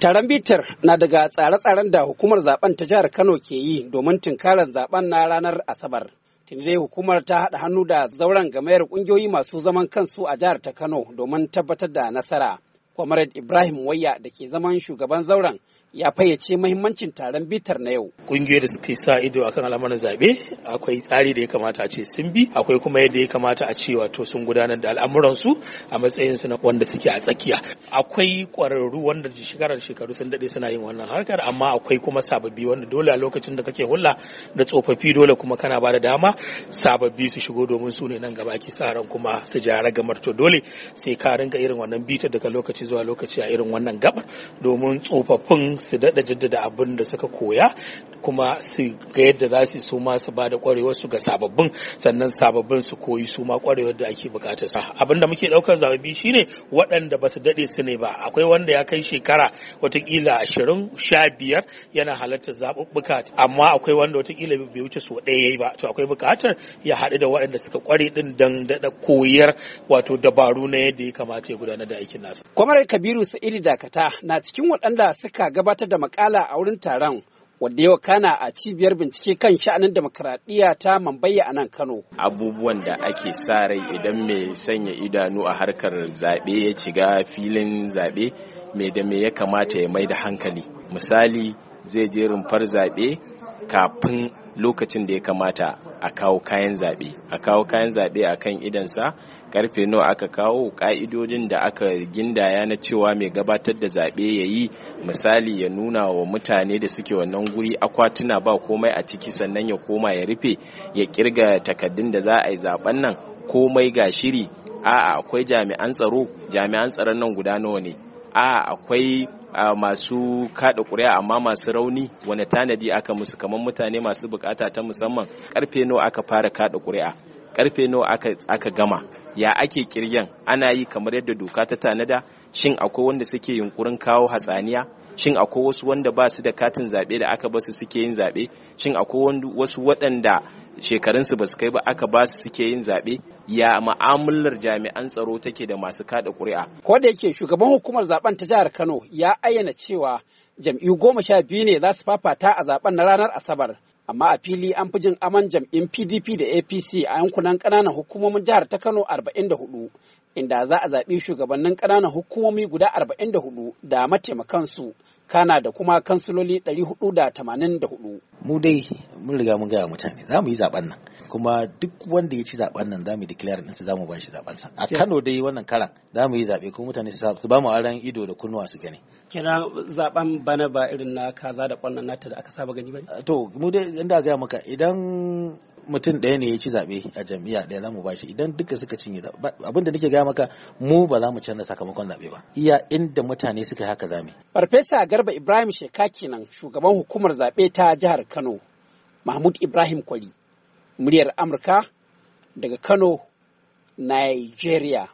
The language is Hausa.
Taron bitar na daga tsare-tsaren da hukumar zaben ta jihar Kano ke yi domin tunkarar zaben na ranar Asabar. Tuni dai hukumar ta haɗa hannu da zauren gamayar ƙungiyoyi masu zaman kansu a jihar ta Kano domin tabbatar da nasara. Comrade Ibrahim Wayya da ke zaman shugaban zauren ya fayyace mahimmancin taron bitar na yau. Ƙungiyar da suke sa ido akan al'amuran zaɓe akwai tsari da ya kamata a ce sun bi akwai kuma yadda ya kamata a ce wato sun gudanar da al'amuransu a matsayin su na wanda suke a tsakiya. Akwai ƙwararru wanda shekarar shekaru sun daɗe suna yin wannan harkar amma akwai kuma sababbi wanda dole a lokacin da kake hulla da tsofaffi dole kuma kana ba da dama sababbi su shigo domin su ne nan gaba ke sa ran kuma su ja ragamar to dole sai ka rinka irin wannan bitar daga lokaci zuwa lokaci a irin wannan gabar domin tsofaffin su daɗa jaddada abin da suka koya kuma su ga yadda za su su ma su bada kwarewar su ga sababbin sannan sababbin su koyi su ma kwarewar da ake bukata su abin da muke daukar zababi shine waɗanda ba su dade su ne ba akwai wanda ya kai shekara watakila ashirin sha biyar yana halarta zaɓuɓɓuka amma akwai wanda watakila bai wuce su ɗaya yayi ba to akwai bukatar ya haɗu da waɗanda suka kware din dan daɗa koyar wato dabaru na yadda ya kamata ya gudanar da aikin nasa. Kwamarar Kabiru sa'idi Dakata na cikin waɗanda suka gabatar da makala a wurin taron wanda yau kana a cibiyar bincike kan sha'anin demokradiyya ta mambayya a nan Kano. Abubuwan da ake sa rai idan mai sanya idanu a harkar zaɓe ya shiga filin zaɓe mai da me ya kamata ya mai da hankali. Misali zai je rumfar zaɓe kafin lokacin da ya kamata a kawo kayan zaɓe a kawo kayan zaɓe a kan idansa karfe nawa aka kawo ƙa'idojin da aka gindaya na cewa mai gabatar da zaɓe ya yi misali ya nuna wa mutane da suke wannan guri akwatuna ba komai a ciki sannan ya koma ya rufe ya kirga takaddun da za a yi zaɓen nan komai ga shiri a'a akwai jami'an tsaro jami'an tsaron nan guda nawa ne a'a akwai masu kada ƙuri'a amma masu rauni wani tanadi aka musu kamar mutane masu bukata ta musamman karfe nawa aka fara kada ƙuri'a karfe nawa aka gama ya ake kiryan ana yi kamar yadda doka ta tanada shin akwai wanda suke yunkurin kawo hatsaniya shin akwai wasu wanda ba su da katin zaɓe da aka basu suke yin zaɓe shin akwai wasu waɗanda shekarunsu ba su kai ba aka ba su suke yin zaɓe ya ma'amular jami'an tsaro take da masu kada ƙuri'a. Ko da yake shugaban hukumar zaben ta jihar Kano ya ayyana cewa jam'iyyu goma sha biyu ne za su fafata a zaben na ranar Asabar. Amma a fili an fi jin aman jam'in PDP da APC a yankunan ƙananan hukumomin jihar ta Kano 44 inda za a zaɓi shugabannin ƙananan hukumomi guda 44 da mataimakansu kana da kuma kansiloli 484. Mu dai mun riga mun gaya mutane za mu yi zaben nan kuma duk wanda ya ci zaben nan za mu yi declare ɗinsa za mu ba shi zaben sa. A Kano dai wannan karan za mu yi zaɓe kuma mutane su ba mu aran ido da kunnuwa su gani. Kira zaben bana ba irin na kaza da ƙwannan nata da aka saba gani ba. To mu dai inda gaya maka idan mutum ɗaya ne ya ci zaɓe a jami'a ɗaya zamu bashi idan duka suka cinye abin da nake gaya maka mu ba za mu canza sakamakon zaɓe ba iya inda mutane suka haka zame. Farfesa Garba Ibrahim Sheka kenan shugaban hukumar zaɓe ta jihar Kano Mahmud Ibrahim Kwali muryar Amurka daga Kano Nigeria.